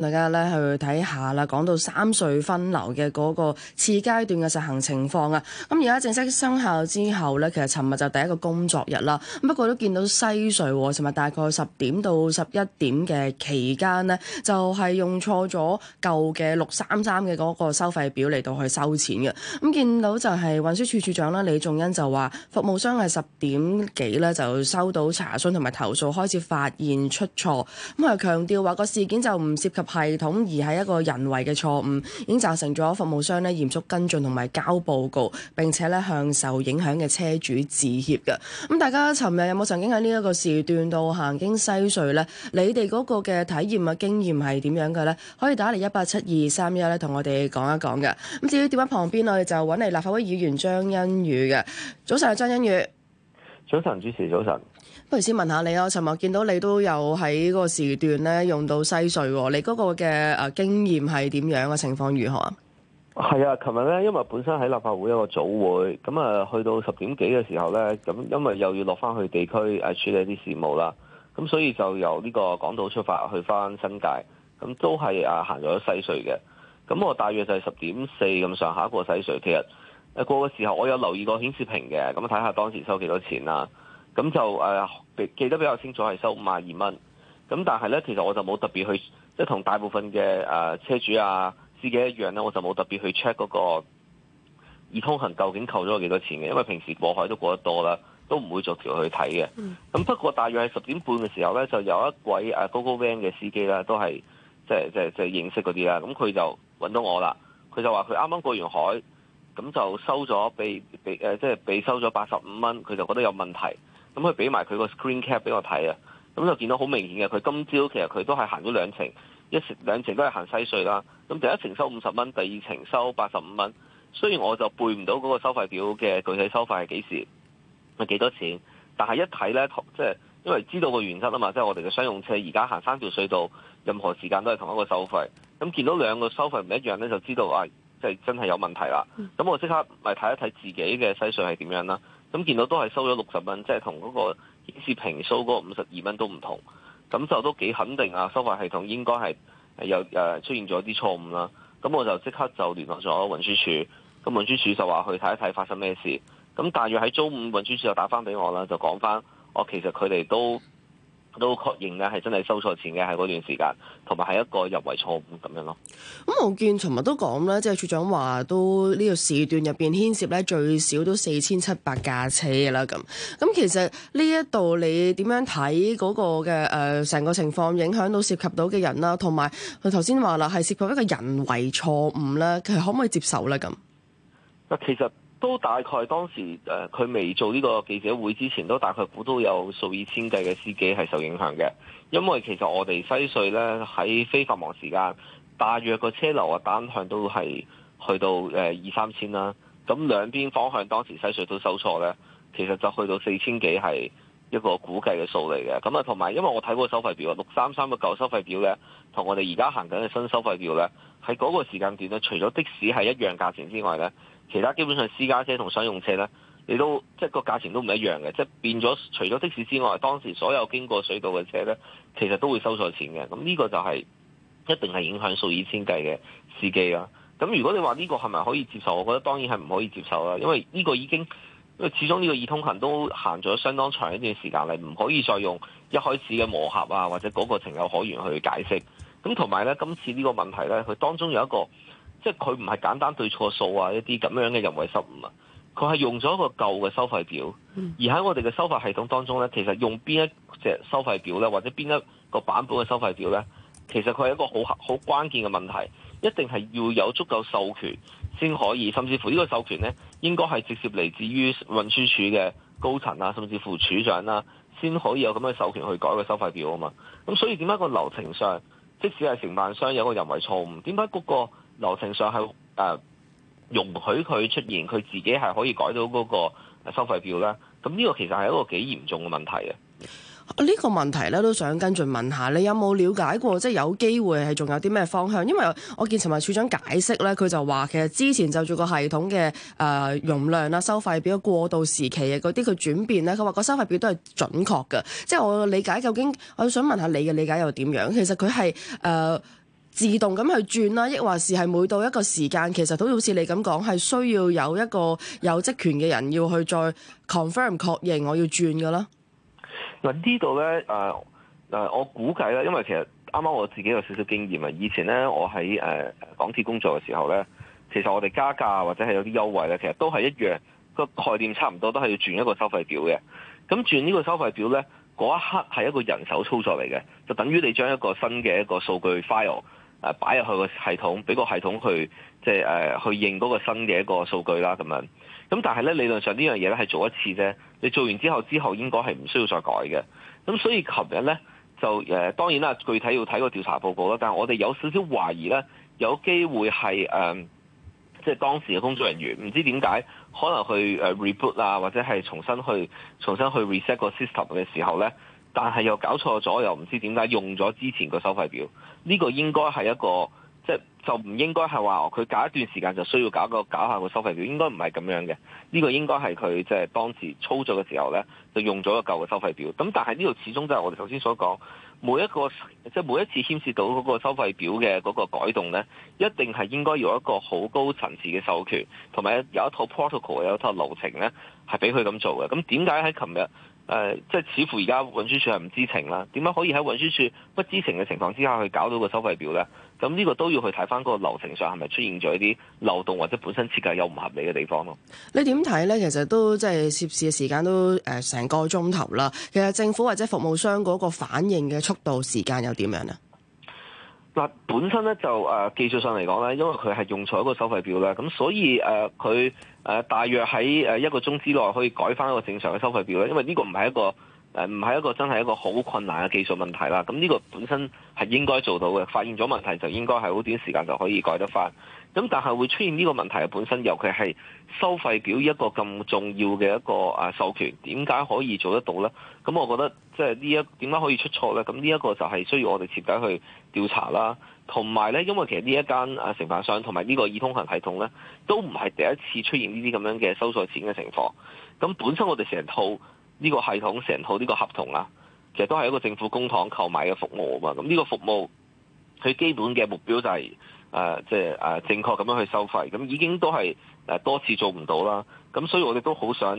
大家咧去睇下啦，講到三隧分流嘅嗰個次階段嘅實行情況啊。咁而家正式生效之後咧，其實尋日就第一個工作日啦。不過都見到西隧尋日大概十點到十一點嘅期間咧，就係用錯咗舊嘅六三三嘅嗰個收費表嚟到去收錢嘅。咁見到就係運輸署署長啦，李仲恩就話服務商係十點幾咧就收到查詢同埋投訴，開始發現出錯。咁啊強調話個事件就唔涉及。系統而係一個人為嘅錯誤，已經責成咗服務商咧嚴肅跟進同埋交報告，並且咧向受影響嘅車主致歉嘅。咁大家尋日有冇曾經喺呢一個時段度行經西隧咧？你哋嗰個嘅體驗啊經驗係點樣嘅咧？可以打嚟一八七二三一咧，同我哋講一講嘅。咁至於電話旁邊，我哋就揾嚟立法會議員張欣宇嘅。早晨，張欣宇。早晨，主持，早晨。不如先問下你啊，尋日我見到你都有喺個時段咧用到西隧喎，你嗰個嘅誒經驗係點樣啊？情況如何啊？係啊，琴日咧，因為本身喺立法會一個早會，咁啊去到十點幾嘅時候咧，咁因為又要落翻去地區誒處理啲事務啦，咁所以就由呢個港島出發去翻新界，咁都係啊行咗西隧嘅。咁我大約就係十點四咁上下一過西隧，其實誒過嘅時候我有留意過顯示屏嘅，咁睇下當時收幾多錢啦、啊。咁就誒、啊、記得比較清楚係收五十二蚊，咁但係呢，其實我就冇特別去即係同大部分嘅誒、啊、車主啊司機一樣呢，我就冇特別去 check 嗰、那個易通行究竟扣咗幾多錢嘅，因為平時過海都過得多啦，都唔會逐條去睇嘅。咁不過大約係十點半嘅時候呢，就有一位誒高高 van 嘅司機咧，都係即係即係即係認識嗰啲啦。咁佢就揾到我啦，佢就話佢啱啱過完海，咁就收咗被被誒即係被收咗八十五蚊，佢就覺得有問題。咁佢俾埋佢個 screen cap 俾我睇啊，咁就見到好明顯嘅，佢今朝其實佢都係行咗兩程，一程兩程都係行西隧啦。咁第一程收五十蚊，第二程收八十五蚊。雖然我就背唔到嗰個收費表嘅具體收費係幾時係幾多錢，但係一睇呢，即係因為知道個原則啊嘛，即係我哋嘅商用車而家行三條隧道，任何時間都係同一個收費。咁見到兩個收費唔一樣呢，就知道啊，即係真係有問題啦。咁我即刻咪睇一睇自己嘅西隧係點樣啦、啊。咁、嗯、見到都係收咗六十蚊，即係同嗰個顯示屏收嗰五十二蚊都唔同，咁就都幾肯定啊！收費系統應該係有誒、呃、出現咗啲錯誤啦，咁我就即刻就聯絡咗運輸署，咁運輸署就話去睇一睇發生咩事，咁大約喺中午運輸署就打翻俾我啦，就講翻哦，其實佢哋都。都確認咧係真係收錯錢嘅，係嗰段時間，同埋係一個入圍錯誤咁樣咯。咁我見尋日都講啦，即係處長話都呢個時段入邊牽涉咧最少都四千七百架車啦咁。咁其實呢一度你點樣睇嗰個嘅誒成個情況，影響到涉及到嘅人啦，同埋佢頭先話啦係涉及一個人為錯誤咧，其實可唔可以接受咧咁？其實。都大概當時誒，佢、呃、未做呢個記者會之前，都大概估到有數以千計嘅司機係受影響嘅。因為其實我哋西隧呢，喺非繁忙時間，大約個車流啊單向都係去到誒二、呃、三千啦。咁兩邊方向當時西隧都收錯呢，其實就去到四千幾係一個估計嘅數嚟嘅。咁啊，同埋因為我睇過收費表，六三三個舊收費表呢，同我哋而家行緊嘅新收費表呢，喺嗰個時間段呢，除咗的士係一樣價錢之外呢。其他基本上私家車同商用車呢，你都即係個價錢都唔一樣嘅，即係變咗。除咗的士之外，當時所有經過隧道嘅車呢，其實都會收錯錢嘅。咁呢個就係、是、一定係影響數以千計嘅司機啦。咁如果你話呢個係咪可以接受，我覺得當然係唔可以接受啦，因為呢個已經因為始終呢個易通行都行咗相當長一段時間嚟，唔可以再用一開始嘅磨合啊，或者嗰個情有可原去解釋。咁同埋呢，今次呢個問題呢，佢當中有一個。即係佢唔係簡單對錯數啊，一啲咁樣嘅人為失誤啊，佢係用咗一個舊嘅收費表，嗯、而喺我哋嘅收費系統當中呢，其實用邊一隻收費表呢，或者邊一個版本嘅收費表呢，其實佢係一個好好關鍵嘅問題，一定係要有足夠授權先可以，甚至乎呢個授權呢應該係直接嚟自於運輸署嘅高層啊，甚至乎處長啦、啊，先可以有咁樣嘅授權去改個收費表啊嘛。咁所以點解個流程上，即使係承辦商有個人為錯誤，點解嗰個？流程上係誒、呃、容許佢出現，佢自己係可以改到嗰個收費表啦。咁呢個其實係一個幾嚴重嘅問題啊！呢個問題咧都想跟進問下，你有冇了解過？即係有機會係仲有啲咩方向？因為我，我見陳華處長解釋咧，佢就話其實之前就做個系統嘅誒容量啊、收費表過渡時期啊嗰啲佢轉變咧，佢話個收費表都係準確嘅。即係我理解，究竟我想問下你嘅理解又點樣？其實佢係誒。呃自動咁去轉啦，抑或是係每到一個時間，其實都好似你咁講，係需要有一個有職權嘅人要去再 confirm 確,確認我要轉嘅啦。嗱呢度咧，誒、呃、誒，我估計啦，因為其實啱啱我自己有少少經驗啊。以前咧，我喺誒港鐵工作嘅時候咧，其實我哋加價或者係有啲優惠咧，其實都係一樣，個概念差，差唔多都係要轉一個收費表嘅。咁轉呢個收費表咧。嗰一刻係一個人手操作嚟嘅，就等於你將一個新嘅一個數據 file 誒、呃、擺入去個系統，俾個系統去即係誒去認嗰個新嘅一個數據啦咁樣。咁但係咧，理論上呢樣嘢咧，係做一次啫，你做完之後之後應該係唔需要再改嘅。咁所以琴日咧，就誒、呃、當然啦，具體要睇個調查報告啦。但係我哋有少少懷疑咧，有機會係誒。呃即係當時嘅工作人員唔知點解，可能去誒 reboot 啊，或者係重新去重新去 reset 個 system 嘅時候咧，但係又搞錯咗，又唔知點解用咗之前個收費表，呢個應該係一個。即係就唔應該係話佢隔一段時間就需要搞個搞下個收費表，應該唔係咁樣嘅。呢個應該係佢即係當時操作嘅時候咧，就用咗個舊嘅收費表。咁但係呢度始終就係我哋頭先所講，每一個即係每一次牽涉到嗰個收費表嘅嗰個改動咧，一定係應該要一個好高層次嘅授權，同埋有一套 protocol、有一套流程咧，係俾佢咁做嘅。咁點解喺琴日？誒、呃，即係似乎而家運輸署係唔知情啦。點樣可以喺運輸署不知情嘅情況之下，去搞到個收費表呢？咁呢個都要去睇翻個流程上係咪出現咗一啲漏洞，或者本身設計有唔合理嘅地方咯。你點睇呢？其實都即係涉事嘅時間都誒成、呃、個鐘頭啦。其實政府或者服務商嗰個反應嘅速度時間又點樣呢？本身咧就誒技術上嚟講咧，因為佢係用錯一個收費表啦，咁所以誒，佢、呃、誒、呃、大約喺誒一個鐘之內可以改翻一個正常嘅收費表咧。因為呢個唔係一個誒唔係一個真係一個好困難嘅技術問題啦。咁呢個本身係應該做到嘅，發現咗問題就應該係好短時間就可以改得翻。咁但係會出現呢個問題，本身尤其係收費表一個咁重要嘅一個誒授權點解可以做得到咧？咁我覺得即係呢一點解可以出錯咧？咁呢一個就係需要我哋設計去。調查啦，同埋咧，因為其實呢一間啊，承辦商同埋呢個易通行系統咧，都唔係第一次出現呢啲咁樣嘅收錯錢嘅情況。咁本身我哋成套呢個系統、成套呢個合同啦，其實都係一個政府公帑購買嘅服務啊嘛。咁呢個服務，佢基本嘅目標就係、是、誒，即係誒正確咁樣去收費。咁已經都係誒多次做唔到啦。咁所以我哋都好想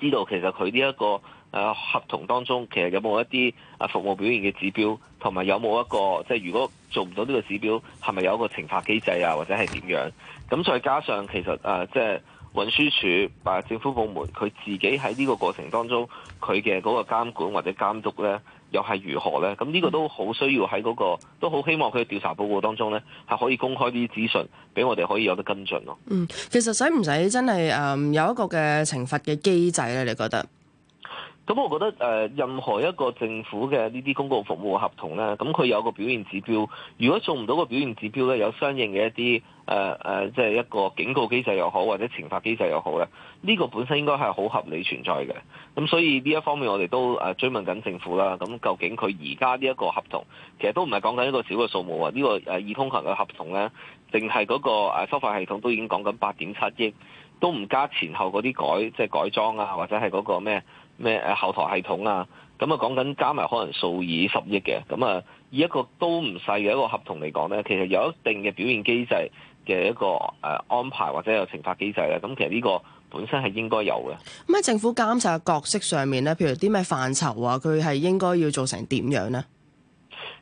知道其實佢呢一個，誒合同當中其實有冇一啲誒服務表現嘅指標，同埋有冇一個即係如果做唔到呢個指標，係咪有一個懲罰機制啊？或者係點樣？咁再加上其實誒、呃，即係運輸署啊，政府部門佢自己喺呢個過程當中佢嘅嗰個監管或者監督咧，又係如何咧？咁呢個都好需要喺嗰、嗰個都好希望佢調查報告當中咧係可以公開啲資訊俾我哋可以有得跟進咯、啊。嗯，其實使唔使真係誒、嗯、有一個嘅懲罰嘅機制咧？你覺得？咁、嗯、我覺得誒、呃、任何一個政府嘅呢啲公共服務合同咧，咁、嗯、佢有個表現指標，如果做唔到個表現指標咧，有相應嘅一啲誒誒即係一個警告機制又好，或者懲罰機制又好咧，呢、這個本身應該係好合理存在嘅。咁、嗯、所以呢一方面我，我哋都誒追問緊政府啦。咁、嗯、究竟佢而家呢一個合同，其實都唔係講緊一個小嘅數目啊。呢、這個誒易、呃、通行嘅合同咧，淨係嗰個誒、啊、收費系統都已經講緊八點七億，都唔加前後嗰啲改即係改裝啊，或者係嗰個咩？咩誒後台系統啊？咁啊講緊加埋可能數以十億嘅，咁啊以一個都唔細嘅一個合同嚟講咧，其實有一定嘅表現機制嘅一個誒安排，或者有懲罰機制咧。咁其實呢個本身係應該有嘅。咁喺政府監察嘅角色上面咧，譬如啲咩範疇話，佢係應該要做成點樣咧？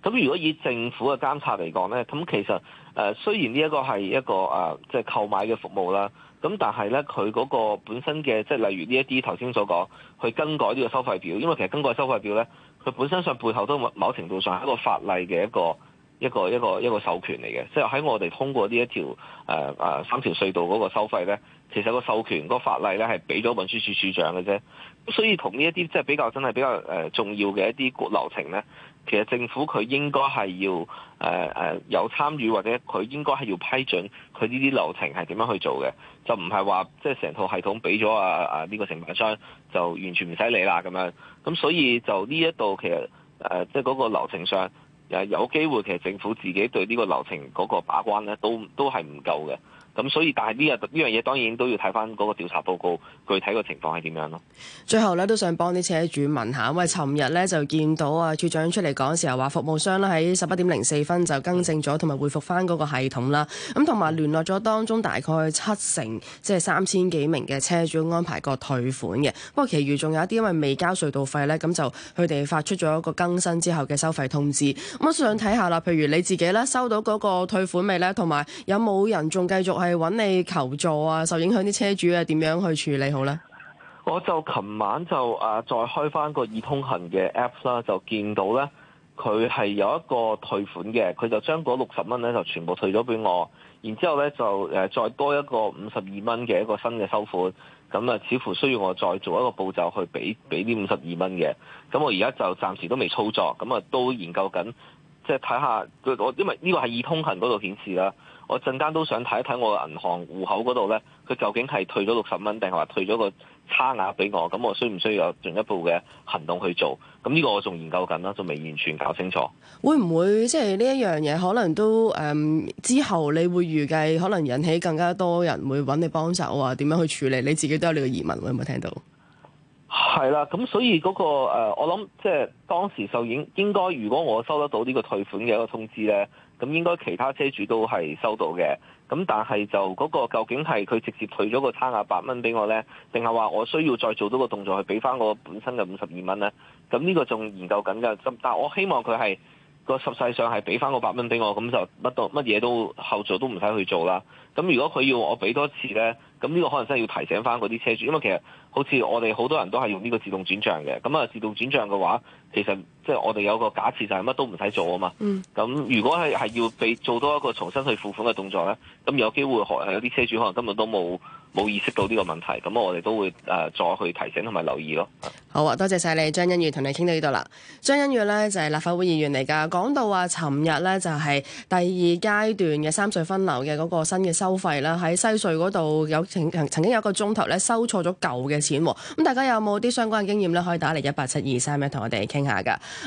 咁如果以政府嘅監察嚟講咧，咁其實。誒雖然呢一個係一個誒，即係購買嘅服務啦，咁但係咧，佢嗰個本身嘅，即係例如呢一啲頭先所講，去更改呢個收費表，因為其實更改收費表咧，佢本身上背後都某程度上係一個法例嘅一個一個一個一個授權嚟嘅，即係喺我哋通過呢一條誒誒三條隧道嗰個收費咧，其實個授權個法例咧係俾咗運輸署署長嘅啫，咁所以同呢一啲即係比較真係比較誒重要嘅一啲流程咧。其實政府佢應該係要誒誒、呃呃、有參與，或者佢應該係要批准佢呢啲流程係點樣去做嘅，就唔係話即係成套系統俾咗啊啊呢、呢個承辦商就完全唔使理啦咁樣。咁所以就呢一度其實誒即係嗰個流程上係、呃、有機會，其實政府自己對呢個流程嗰個把關咧都都係唔夠嘅。咁所以，但係呢日呢樣嘢當然都要睇翻嗰個調查報告具體個情況係點樣咯。最後咧，都想幫啲車主問下，因為尋日咧就見到啊處長出嚟講時候話服務商咧喺十八點零四分就更正咗同埋回復翻嗰個系統啦。咁同埋聯絡咗當中大概七成即係、就是、三千幾名嘅車主安排個退款嘅。不過其餘仲有一啲因為未交隧道費咧，咁就佢哋發出咗一個更新之後嘅收費通知。咁我想睇下啦，譬如你自己咧收到嗰個退款未咧？同埋有冇人仲繼續係？係揾你求助啊！受影響啲車主啊，點樣去處理好呢？我就琴晚就啊，再開翻個易通行嘅 app 啦，啊，就見到呢，佢係有一個退款嘅，佢就將嗰六十蚊呢，就全部退咗畀我，然之後呢，就誒再多一個五十二蚊嘅一個新嘅收款，咁、嗯、啊似乎需要我再做一個步驟去俾俾啲五十二蚊嘅，咁、嗯、我而家就暫時都未操作，咁、嗯、啊都研究緊。即係睇下佢，我因為呢個係易通行嗰度顯示啦。我陣間都想睇一睇我嘅銀行戶口嗰度咧，佢究竟係退咗六十蚊，定係話退咗個差額俾我？咁我需唔需要有進一步嘅行動去做？咁呢個我仲研究緊啦，仲未完全搞清楚。會唔會即係呢一樣嘢可能都誒、嗯、之後你會預計可能引起更加多人會揾你幫手啊？點樣去處理？你自己都有呢個疑問喎？會唔會聽到？係啦，咁所以嗰個誒我諗即係當時就應應該，如果我收得到呢個退款嘅一個通知呢，咁應該其他車主都係收到嘅。咁但係就嗰個究竟係佢直接退咗個差額八蚊畀我呢？定係話我需要再做多個動作去畀翻我本身嘅五十二蚊呢？咁呢個仲研究緊㗎，咁但我希望佢係。個實際上係俾翻個百蚊俾我，咁就乜都乜嘢都後續都唔使去做啦。咁如果佢要我俾多次呢，咁呢個可能真係要提醒翻嗰啲車主，因為其實好似我哋好多人都係用呢個自動轉賬嘅。咁啊，自動轉賬嘅話，其實即係我哋有個假設就係乜都唔使做啊嘛。咁如果係係要俾做多一個重新去付款嘅動作呢，咁有機會可能有啲車主可能根本都冇。冇意識到呢個問題，咁我哋都會誒、呃、再去提醒同埋留意咯。好啊，多謝晒你，張欣宇，同你傾到呢度啦。張欣宇呢就係、是、立法會議員嚟㗎，講到話，尋日呢就係、是、第二階段嘅三隧分流嘅嗰個新嘅收費啦。喺西隧嗰度有曾經有一個鐘頭收錯咗舊嘅錢，咁、啊、大家有冇啲相關嘅經驗呢？可以打嚟一八七二三一同我哋傾下㗎。